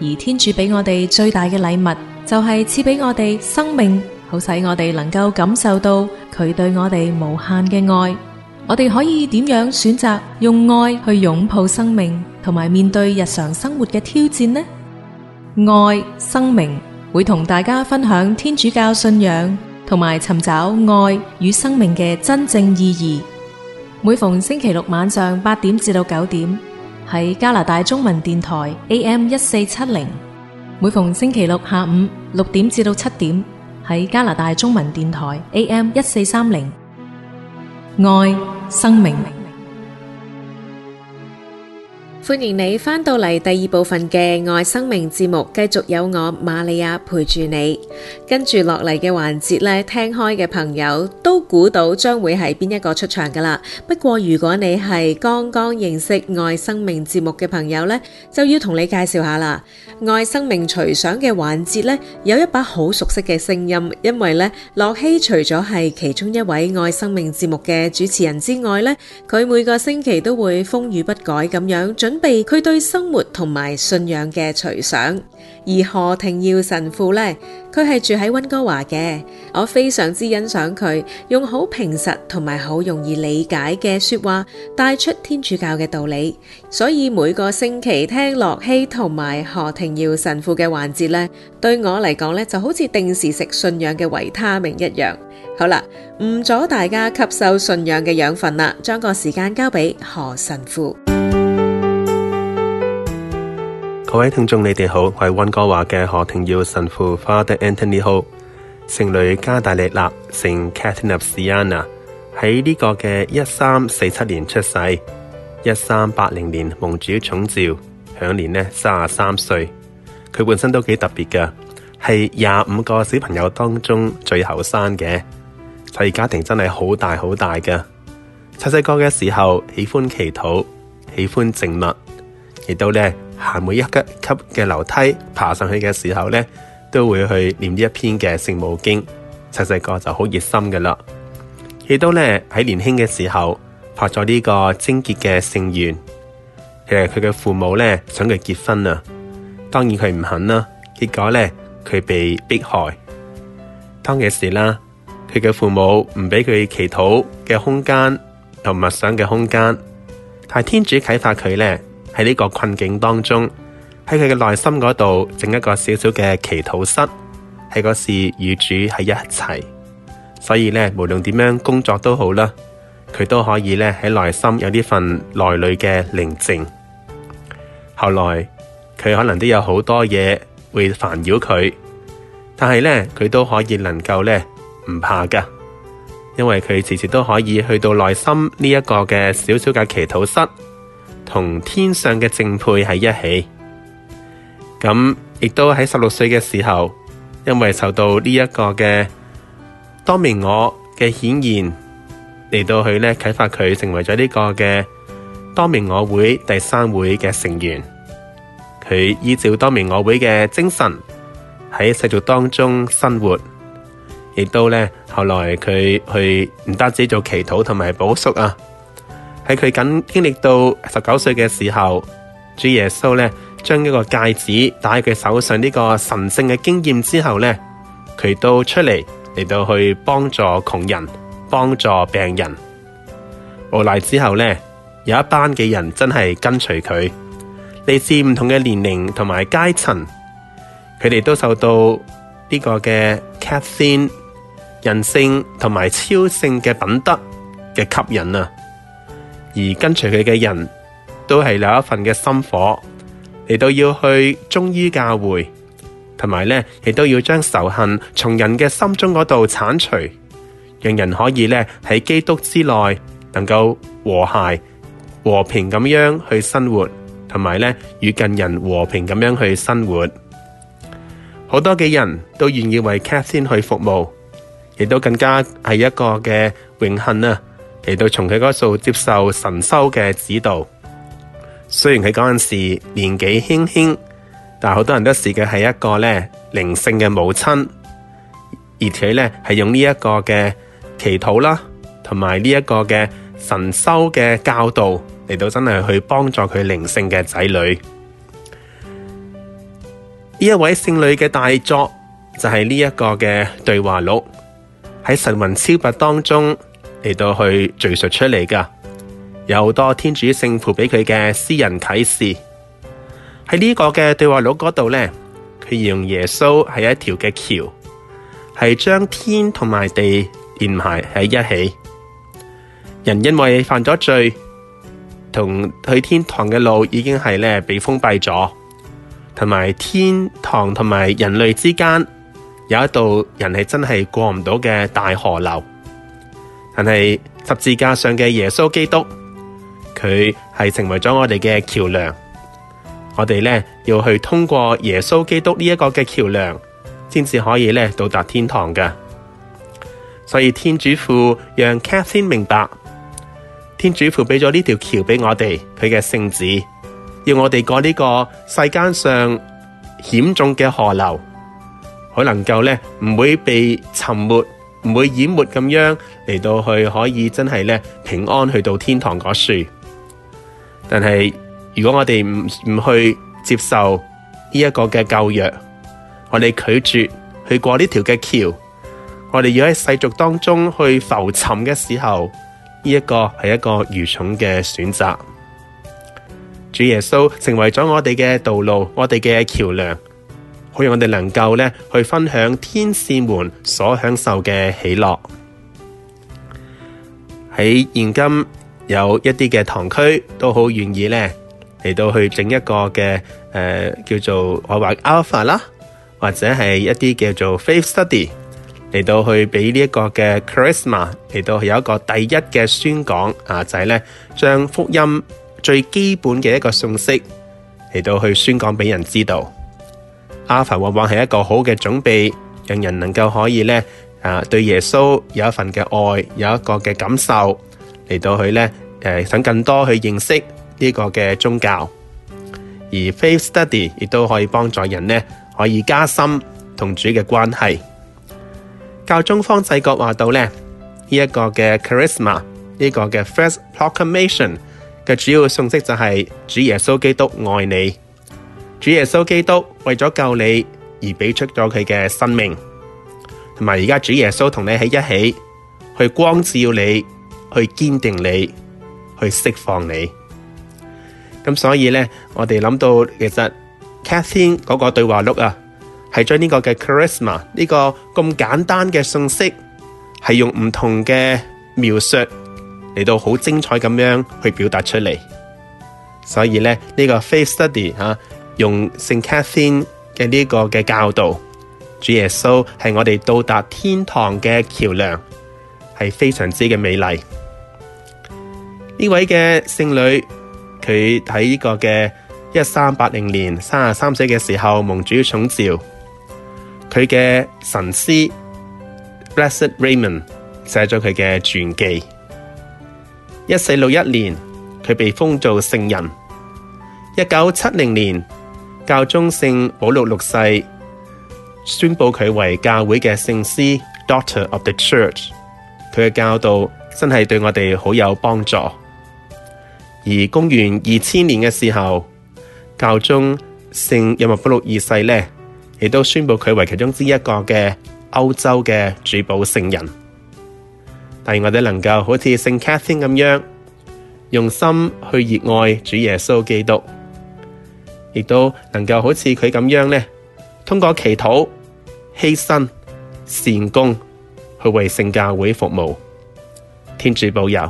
而天主俾我哋最大的禮物，就係賜俾我哋生命，好使我哋能夠感受到佢對我哋無限嘅愛。我哋可以點樣選擇用愛去擁抱生命同埋面對日常生活嘅挑戰呢？愛、生命，會同大家分享天主教信仰同埋尋找愛與生命的真正意義。每逢星期六晚上八點至到九點，喺加拿大中文電台 AM 1470，每逢星期六下午六點至到七點，喺加拿大中文電台 AM 1430，愛生命歡迎你翻到嚟第二部分嘅愛生命節目，繼續有我瑪利亞陪住你。跟住落嚟嘅環節咧，聽開嘅朋友都估到將會係邊一個出場噶啦。不過如果你係剛剛認識愛生命節目嘅朋友咧，就要同你介紹下啦。愛生命隨想嘅環節咧，有一把好熟悉嘅聲音，因為咧，駱曦除咗係其中一位愛生命節目嘅主持人之外咧，佢每個星期都會風雨不改咁樣準。準備佢對生活同埋信仰嘅隨想，而何庭耀神父咧，佢係住喺温哥華嘅。我非常之欣賞佢用好平實同埋好容易理解嘅說話，帶出天主教嘅道理。所以每個星期聽駱曦同埋何庭耀神父嘅環節咧，對我嚟講咧，就好似定時食信仰嘅維他命一樣。好啦，唔阻大家吸收信仰嘅養分啦，將個時間交俾何神父。各位聽眾，你哋好，我係溫哥華嘅何庭耀神父 Father Anthony Ho，聖女加大力娜，聖 Catherine of Siena，喺呢個嘅一三四七年出世，一三八零年蒙主寵召，享年咧三十三歲。佢本身都幾特別噶，係廿五個小朋友當中最後生嘅，所以家庭真係好大好大噶。細細個嘅時候，喜歡祈禱，喜歡靜默，亦都咧。行每一級級嘅樓梯爬上去嘅時候咧，都會去念呢一篇嘅聖母經，細細個就好熱心㗎啦。亦都咧喺年輕嘅時候拍咗呢個貞潔嘅聖願。其實佢嘅父母咧想佢結婚啊，當然佢唔肯啦。結果咧佢被迫害，當其時啦，佢嘅父母唔俾佢祈禱嘅空間同默想嘅空間，但天主啟發佢咧。喺呢個困境當中，喺佢嘅內心嗰度整一個小小嘅祈禱室，喺嗰時與主喺一齊。所以咧，無論點樣工作都好啦，佢都可以咧喺內心有呢份內裏嘅寧靜。後來佢可能都有好多嘢會煩擾佢，但係咧佢都可以能夠咧唔怕噶，因為佢時時都可以去到內心呢一個嘅小小嘅祈禱室。同天上嘅淨配喺一起，咁亦都喺十六歲嘅時候，因為受到，這的的到呢一個嘅道明我嘅顯現嚟到佢咧啟發佢成為咗呢個嘅道明我會第三會嘅成員，佢依照道明我會嘅精神喺世俗當中生活，亦都咧後來佢去唔單止做祈禱同埋補贖啊。喺佢緊經歷到十九歲嘅時候，主耶穌咧將一個戒指戴喺佢手上，呢個神聖嘅經驗之後咧，佢都出嚟嚟到去幫助窮人、幫助病人。無耐之後咧，有一班嘅人真係跟隨佢，嚟自唔同嘅年齡同埋階層，佢哋都受到呢個嘅 c h a 人性同埋超性嘅品德嘅吸引啊！而跟隨佢嘅人都係有一份嘅心火嚟到要去忠於教會，同埋咧亦都要將仇恨從人嘅心中嗰度鏟除，讓人可以咧喺基督之內能夠和諧和平咁樣去生活，同埋咧與近人和平咁樣去生活。好多嘅人都願意為 Captain 去服務，亦都更加係一個嘅榮幸啊！嚟到從佢嗰度接受神修嘅指導，雖然佢嗰陣時年紀輕輕，但好多人都視嘅係一個咧靈性嘅母親，而且咧係用呢一個嘅祈禱啦，同埋呢一個嘅神修嘅教導嚟到真係去幫助佢靈性嘅仔女。呢一位聖女嘅大作就係呢一個嘅對話錄，喺神魂超拔當中。嚟到去敘述出嚟噶，有好多天主聖父俾佢嘅私人啟示。喺呢個嘅對話錄嗰度呢，佢形容耶穌係一條嘅橋，係將天同埋地連埋喺一起。人因為犯咗罪，同去天堂嘅路已經係咧被封閉咗，同埋天堂同埋人類之間有一道人係真係過唔到嘅大河流。但係十字架上嘅耶穌基督，佢係成為咗我哋嘅橋樑。我哋咧要去通過耶穌基督呢一個嘅橋樑，先至可以咧到達天堂嘅。所以天主父讓 captain 明白，天主父俾咗呢條橋俾我哋，佢嘅聖旨要我哋過呢個世間上險重嘅河流，可能夠咧唔會被沉沒。唔會淹沒，咁樣嚟到去可以真係咧平安去到天堂嗰處。但係如果我哋唔唔去接受呢一個嘅救約，我哋拒絕去過呢條嘅橋，我哋要喺世俗當中去浮沉嘅時候，呢、這、一個係一個愚蠢嘅選擇。主耶穌成為咗我哋嘅道路，我哋嘅橋樑。好讓我哋能夠咧去分享天使們所享受嘅喜樂。喺現今有一啲嘅堂區都好願意咧嚟到去整一個嘅誒、呃、叫做我話 Alpha 啦，或者係一啲叫做 Faith Study 嚟到去俾呢一個嘅 charisma 嚟到去有一個第一嘅宣講啊，就係咧將福音最基本嘅一個信息嚟到去宣講俾人知道。阿凡往往係一個好嘅準備，讓人能夠可以咧，啊，對耶穌有一份嘅愛，有一個嘅感受嚟到佢咧，誒、呃，想更多去認識呢個嘅宗教。而 faith study 亦都可以幫助人咧，可以加深同主嘅關係。教宗方濟各話到咧，呢、這、一個嘅 charisma，呢個嘅 first proclamation 嘅主要信息就係、是、主耶穌基督愛你。主耶穌基督為咗救你而俾出咗佢嘅生命，同埋而家主耶穌同你喺一齊，去光照你，去堅定你，去釋放你。咁所以呢，我哋諗到其實 Catherine 嗰個對話錄啊，係將呢個嘅 Charisma 呢個咁簡單嘅信息，係用唔同嘅描述嚟到好精彩咁樣去表達出嚟。所以呢，呢個 Face Study 啊。用聖卡琳嘅呢個嘅教導，主耶穌係我哋到達天堂嘅橋樑，係非常之嘅美麗。呢位嘅聖女，佢喺呢個嘅一三八零年三十三歲嘅時候蒙主寵召，佢嘅神師 Blessed Raymond 寫咗佢嘅傳記。一四六一年佢被封做聖人。一九七零年，教宗聖保祿六,六世宣布佢為教會嘅聖師，Doctor of the Church。佢嘅教導真係對我哋好有幫助。而公元二千年嘅時候，教宗聖若望保祿二世咧，亦都宣布佢為其中之一個嘅歐洲嘅主保聖人。但我哋能夠好似聖卡丁汀咁樣，用心去熱愛主耶穌基督。亦都能夠好似佢咁樣呢，通過祈禱、犧牲、善工，去為聖教會服務。天主保佑。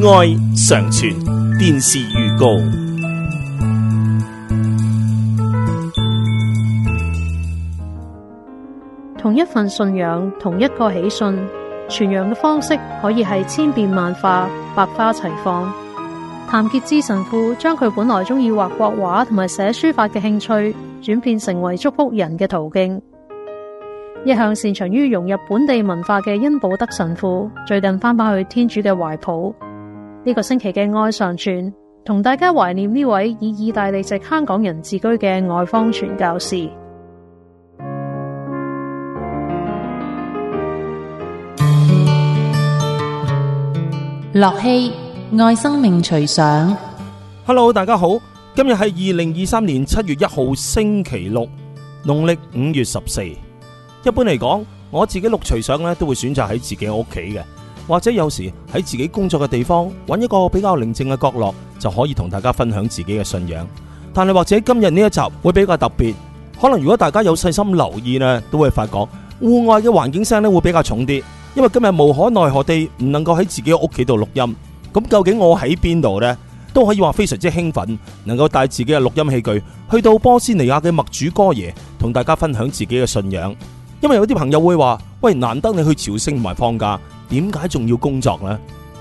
愛常存電視預告。同一份信仰，同一個喜訊。傳揚嘅方式可以係千變萬化、百花齊放。譚傑志神父將佢本來中意畫國畫同埋寫書法嘅興趣轉變成為祝福人嘅途徑。一向擅長於融入本地文化嘅恩保德神父最近翻返去天主嘅懷抱。呢個星期嘅愛上傳，同大家懷念呢位以意大利籍香港人自居嘅外方傳教士。駱曦愛生命隨想，Hello，大家好，今日係二零二三年七月一號星期六，農曆五月十四。一般嚟講，我自己錄隨想呢都會選擇喺自己屋企嘅，或者有時喺自己工作嘅地方，揾一個比較寧靜嘅角落，就可以同大家分享自己嘅信仰。但係或者今日呢一集會比較特別，可能如果大家有細心留意呢，都會發覺戶外嘅環境聲呢會比較重啲。因為今日無可奈何地唔能夠喺自己屋企度錄音，咁究竟我喺邊度呢？都可以話非常之興奮，能夠帶自己嘅錄音器具去到波斯尼亞嘅默主哥耶，同大家分享自己嘅信仰。因為有啲朋友會話：「喂，難得你去朝聖同埋放假，點解仲要工作呢？」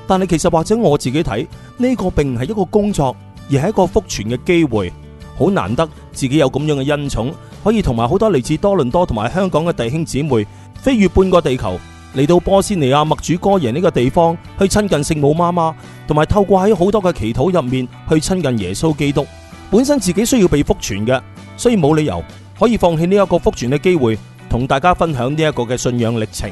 但係其實或者我自己睇呢，這個並唔係一個工作，而係一個福傳嘅機會，好難得自己有咁樣嘅恩寵，可以同埋好多嚟自多倫多同埋香港嘅弟兄姊妹飛越半個地球。嚟到波斯尼亞默主哥耶呢個地方，去親近聖母媽媽，同埋透過喺好多嘅祈禱入面去親近耶穌基督。本身自己需要被福傳嘅，所以冇理由可以放棄呢一個福傳嘅機會，同大家分享呢一個嘅信仰歷程。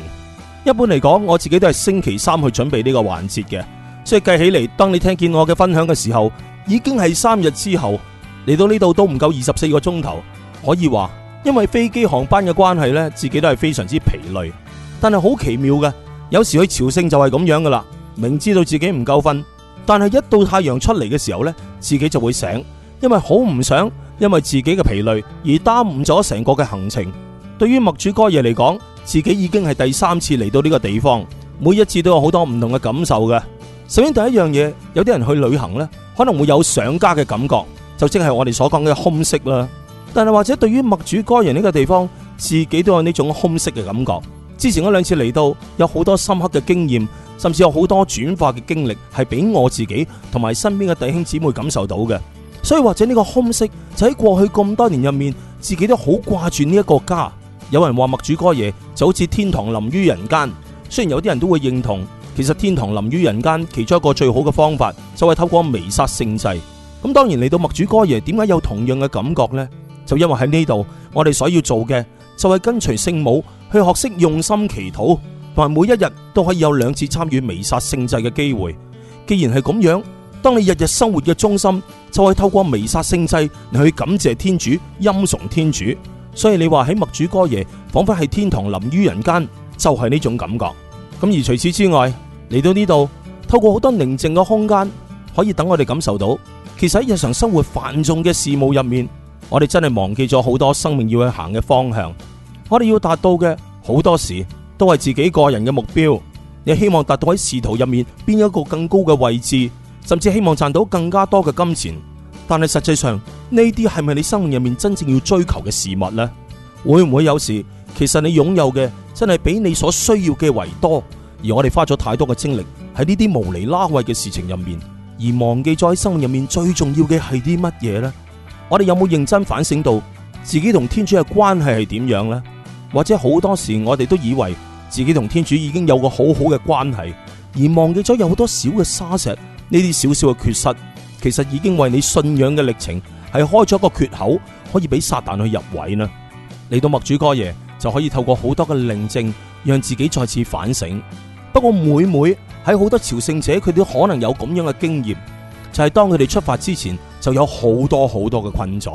一般嚟講，我自己都係星期三去準備呢個環節嘅，所以計起嚟，當你聽見我嘅分享嘅時候，已經係三日之後。嚟到呢度都唔夠二十四個鐘頭，可以話，因為飛機航班嘅關係呢，自己都係非常之疲累。但係好奇妙嘅，有時去朝聖就係咁樣噶啦。明知道自己唔夠瞓，但係一到太陽出嚟嘅時候呢，自己就會醒，因為好唔想因為自己嘅疲累而耽誤咗成個嘅行程。對於默主哥耶嚟講，自己已經係第三次嚟到呢個地方，每一次都有好多唔同嘅感受嘅。首先第一樣嘢，有啲人去旅行呢，可能會有想家嘅感覺，就即係我哋所講嘅 homesick 啦。但係或者對於默主哥耶呢個地方，自己都有呢種 homesick 嘅感覺。之前嗰兩次嚟到，有好多深刻嘅經驗，甚至有好多轉化嘅經歷，係俾我自己同埋身邊嘅弟兄姊妹感受到嘅。所以或者呢個空隙就喺過去咁多年入面，自己都好掛住呢一個家。有人話墨主哥爺就好似天堂臨於人間，雖然有啲人都會認同，其實天堂臨於人間其中一個最好嘅方法就係透過彌撒聖祭。咁當然嚟到墨主哥爺，點解有同樣嘅感覺呢？就因為喺呢度，我哋所要做嘅就係跟隨聖母。去學識用心祈禱，同埋每一日都可以有兩次參與彌撒聖祭嘅機會。既然係咁樣，當你日日生活嘅中心就係透過彌撒聖祭嚟去感謝天主、欽崇天主。所以你話喺默主哥耶，仿佛係天堂臨於人間，就係呢種感覺。咁而除此之外，嚟到呢度，透過好多寧靜嘅空間，可以等我哋感受到，其實喺日常生活繁重嘅事務入面，我哋真係忘記咗好多生命要去行嘅方向。我哋要達到嘅好多時都係自己個人嘅目標，你希望達到喺仕途入面邊一個更高嘅位置，甚至希望賺到更加多嘅金錢。但係實際上，呢啲係咪你生活入面真正要追求嘅事物呢？會唔會有時其實你擁有嘅真係比你所需要嘅為多，而我哋花咗太多嘅精力喺呢啲無厘拉位嘅事情入面，而忘記咗喺生活入面最重要嘅係啲乜嘢呢？我哋有冇認真反省到自己同天主嘅關係係點樣呢？或者好多時我哋都以為自己同天主已經有個好好嘅關係，而忘記咗有好多小嘅沙石，呢啲小小嘅缺失，其實已經為你信仰嘅歷程係開咗個缺口，可以俾撒旦去入位啦。嚟到默主哥爺就可以透過好多嘅靈證，讓自己再次反省。不過每每喺好多朝聖者，佢都可能有咁樣嘅經驗，就係當佢哋出發之前，就有好多好多嘅困阻。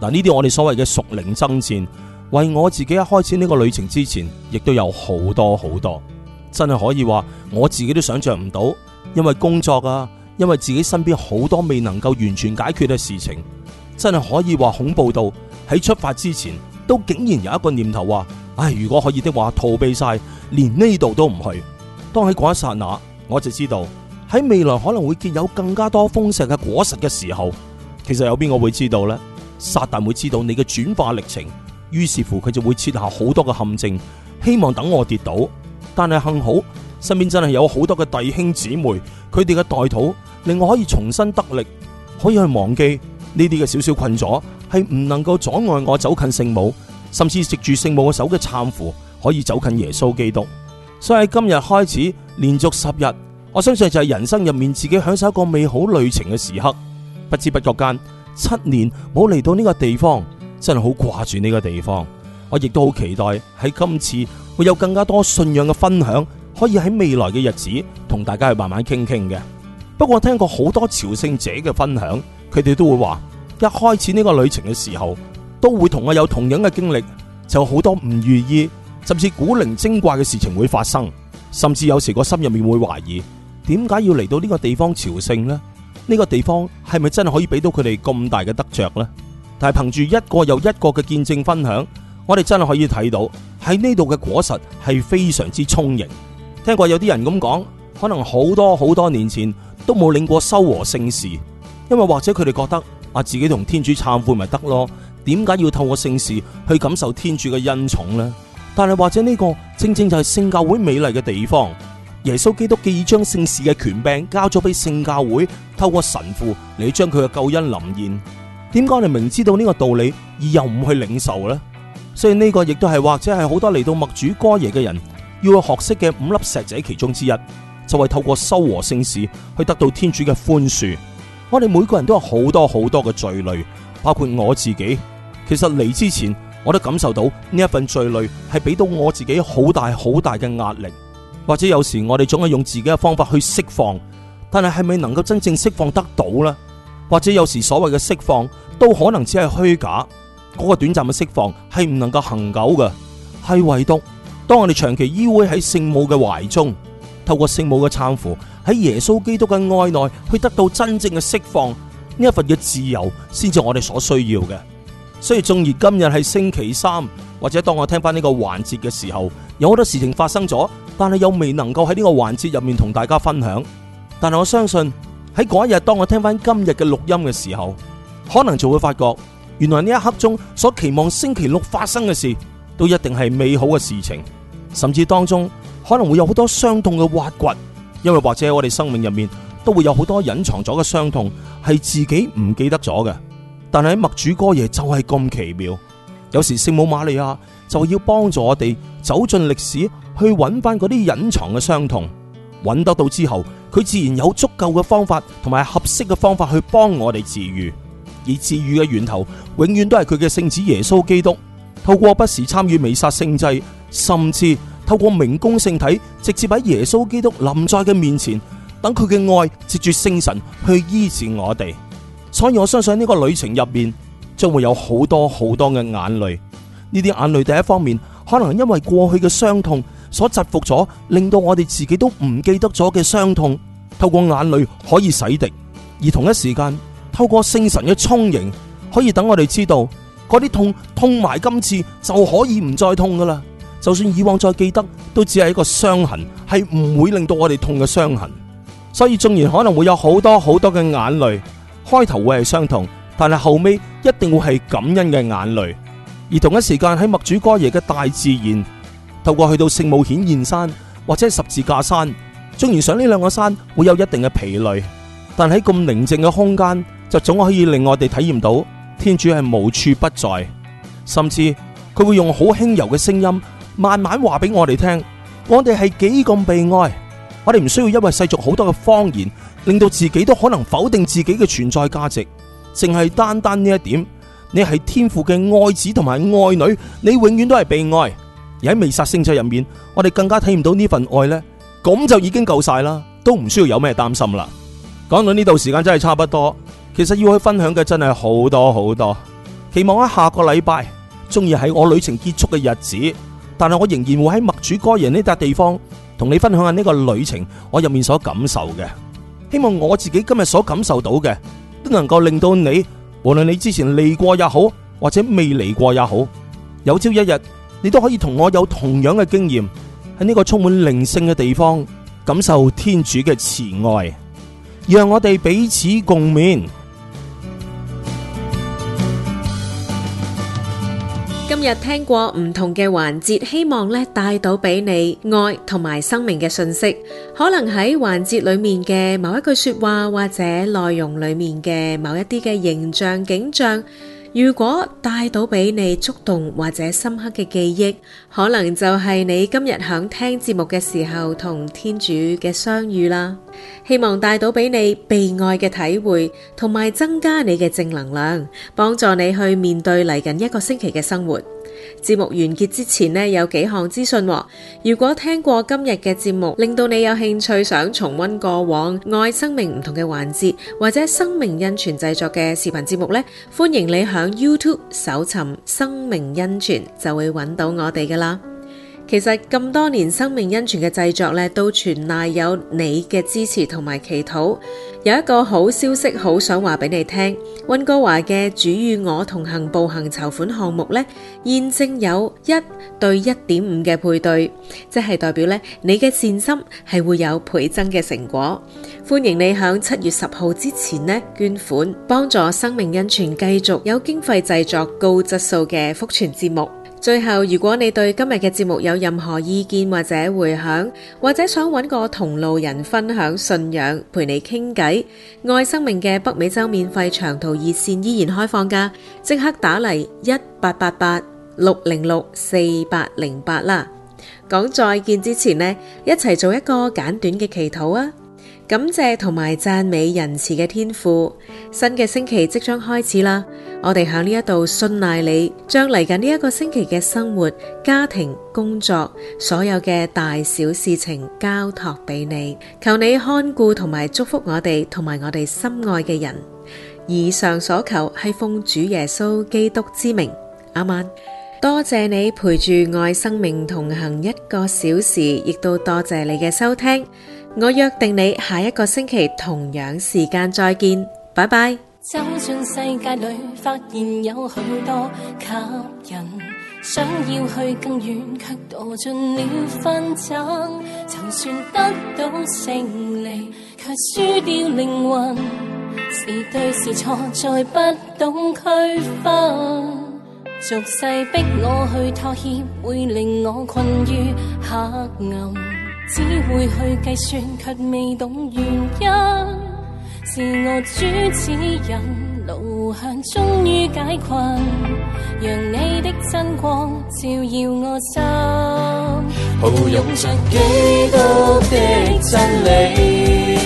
嗱，呢啲我哋所謂嘅屬靈爭戰。為我自己喺開始呢個旅程之前，亦都有好多好多，真係可以話我自己都想象唔到，因為工作啊，因為自己身邊好多未能夠完全解決嘅事情，真係可以話恐怖到喺出發之前，都竟然有一個念頭話：唉，如果可以的話，逃避晒，連呢度都唔去。當喺嗰一剎那，我就知道喺未來可能會見有更加多豐盛嘅果實嘅時候，其實有邊個會知道呢？撒旦會知道你嘅轉化歷程。於是乎，佢就會設下好多嘅陷阱，希望等我跌倒。但係幸好，身邊真係有好多嘅弟兄姊妹，佢哋嘅代禱令我可以重新得力，可以去忘記呢啲嘅少少困阻，係唔能夠阻礙我走近聖母，甚至藉住聖母嘅手嘅攙扶，可以走近耶穌基督。所以今日開始，連續十日，我相信就係人生入面自己享受一個美好旅程嘅時刻。不知不覺間，七年冇嚟到呢個地方。真係好掛住呢個地方，我亦都好期待喺今次會有更加多信仰嘅分享，可以喺未來嘅日子同大家去慢慢傾傾嘅。不過我聽過好多朝聖者嘅分享，佢哋都會話，一開始呢個旅程嘅時候，都會同我有同樣嘅經歷，就好多唔如意，甚至古靈精怪嘅事情會發生，甚至有時個心入面會懷疑，點解要嚟到呢個地方朝聖呢？呢個地方係咪真係可以俾到佢哋咁大嘅得着呢？但係憑住一個又一個嘅見證分享，我哋真係可以睇到喺呢度嘅果實係非常之充盈。聽過有啲人咁講，可能好多好多年前都冇領過修和聖事，因為或者佢哋覺得啊自己同天主懺悔咪得咯，點解要透過聖事去感受天主嘅恩寵呢？但係或者呢個正正就係聖教會美麗嘅地方，耶穌基督既已將聖事嘅權柄交咗俾聖教會，透過神父嚟將佢嘅救恩臨現。點解我哋明知道呢個道理，而又唔去領受呢？所以呢個亦都係或者係好多嚟到默主哥耶嘅人要去學識嘅五粒石仔其中之一，就係、是、透過修和聖事去得到天主嘅寬恕。我哋每個人都有好多好多嘅罪累，包括我自己。其實嚟之前，我都感受到呢一份罪累係俾到我自己好大好大嘅壓力。或者有時我哋總係用自己嘅方法去釋放，但係係咪能夠真正釋放得到呢？或者有時所謂嘅釋放，都可能只係虛假。嗰個短暫嘅釋放係唔能夠恆久嘅，係唯獨當我哋長期依偎喺聖母嘅懷中，透過聖母嘅攙扶，喺耶穌基督嘅愛內，去得到真正嘅釋放呢一份嘅自由，先至我哋所需要嘅。所以縱而今日係星期三，或者當我聽翻呢個環節嘅時候，有好多事情發生咗，但係又未能夠喺呢個環節入面同大家分享。但係我相信。喺嗰一日，當我聽翻今日嘅錄音嘅時候，可能就會發覺，原來呢一刻中所期望星期六發生嘅事，都一定係美好嘅事情，甚至當中可能會有好多傷痛嘅挖掘，因為或者喺我哋生命入面都會有好多隱藏咗嘅傷痛，係自己唔記得咗嘅。但係默主哥耶就係咁奇妙，有時聖母瑪利亞就要幫助我哋走進歷史，去揾翻嗰啲隱藏嘅傷痛。揾得到之後，佢自然有足夠嘅方法同埋合適嘅方法去幫我哋治愈。而治愈嘅源頭永遠都係佢嘅聖子耶穌基督。透過不時參與彌撒聖祭，甚至透過明供聖體，直接喺耶穌基督臨在嘅面前，等佢嘅愛藉住聖神去醫治我哋。所以我相信呢個旅程入面，將會有好多好多嘅眼淚。呢啲眼淚第一方面可能因為過去嘅傷痛。所制服咗，令到我哋自己都唔記得咗嘅傷痛，透過眼淚可以洗滌；而同一時間，透過聖神嘅充盈，可以等我哋知道，嗰啲痛痛埋今次就可以唔再痛噶啦。就算以往再記得，都只係一個傷痕，係唔會令到我哋痛嘅傷痕。所以縱然可能會有好多好多嘅眼淚，開頭會係傷痛，但係後尾一定會係感恩嘅眼淚。而同一時間喺默主哥耶嘅大自然。透過去到聖母顯現山或者十字架山，縱然上呢兩個山會有一定嘅疲累，但喺咁寧靜嘅空間，就總可以令我哋體驗到天主係無處不在。甚至佢會用好輕柔嘅聲音，慢慢話俾我哋聽：我哋係幾咁被愛。我哋唔需要因為世俗好多嘅謊言，令到自己都可能否定自己嘅存在價值。淨係單單呢一點，你係天父嘅愛子同埋愛女，你永遠都係被愛。而喺未殺星球入面，我哋更加睇唔到呢份愛呢，咁就已經夠晒啦，都唔需要有咩擔心啦。講到呢度時間真係差不多，其實要去分享嘅真係好多好多。期望喺下個禮拜，中意喺我旅程結束嘅日子，但係我仍然會喺墨主歌人呢笪地方同你分享下呢個旅程我入面所感受嘅。希望我自己今日所感受到嘅，都能夠令到你，無論你之前嚟過也好，或者未嚟過也好，有朝一日。你都可以同我有同樣嘅經驗，喺呢個充滿靈性嘅地方，感受天主嘅慈愛，讓我哋彼此共勉。今日聽過唔同嘅環節，希望咧帶到俾你愛同埋生命嘅信息。可能喺環節裏面嘅某一句說話，或者內容裏面嘅某一啲嘅形象景象。如果帶到俾你觸動或者深刻嘅記憶，可能就係你今日響聽節目嘅時候同天主嘅相遇啦。希望帶到俾你被愛嘅體會，同埋增加你嘅正能量，幫助你去面對嚟緊一個星期嘅生活。節目完結之前呢，有幾項資訊。如果聽過今日嘅節目，令到你有興趣想重温過往愛生命唔同嘅環節，或者生命恩泉製作嘅視頻節目呢，歡迎你響 YouTube 搜尋生命恩泉，就會揾到我哋㗎喇。其實咁多年生命恩泉嘅製作咧，都全賴有你嘅支持同埋祈禱。有一個好消息，好想話俾你聽。溫哥華嘅主與我同行步行籌款項目咧，現正有一對一點五嘅配對，即係代表咧你嘅善心係會有倍增嘅成果。歡迎你響七月十號之前咧捐款，幫助生命恩泉繼續有經費製作高質素嘅福傳節目。最後，如果你對今日嘅節目有任何意見或者回響，或者想揾個同路人分享信仰，陪你傾偈，愛生命嘅北美洲免費長途熱線依然開放㗎，即刻打嚟，一八八八六零六四八零八啦。講再見之前呢，一齊做一個簡短嘅祈禱啊！感謝同埋讚美仁慈嘅天父，新嘅星期即將開始啦！我哋響呢一度信賴你，將嚟緊呢一個星期嘅生活、家庭、工作，所有嘅大小事情交託俾你，求你看顧同埋祝福我哋同埋我哋心愛嘅人。以上所求係奉主耶穌基督之名，阿們。多謝你陪住愛生命同行一個小時，亦都多謝你嘅收聽。我約定你下一個星期同樣時間再見，拜拜。走進世界裡，發現有很多吸引，想要去更遠，卻墮進了紛爭。就算得到勝利，卻輸掉靈魂。是對是錯，再不懂區分。俗世逼我去妥協，會令我困於黑暗。只會去計算，卻未懂原因。是我主指引，路向終於解困，讓你的真光照耀我心。抱擁着幾多的真理，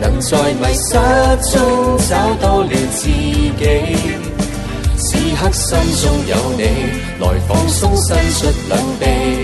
能在迷失中找到了知己。此刻心中有你，來放鬆，伸出兩臂。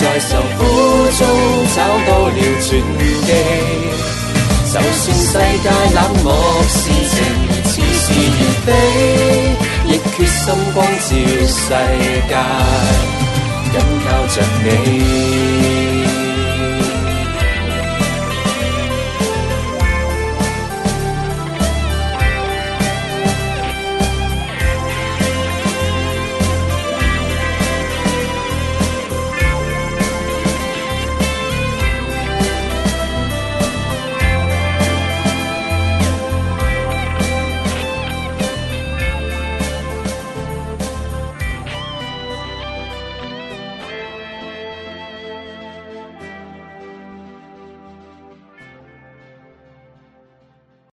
在受苦中找到了轉機，就算世界冷漠，事情似是而非，亦決心光照世界，因靠着你。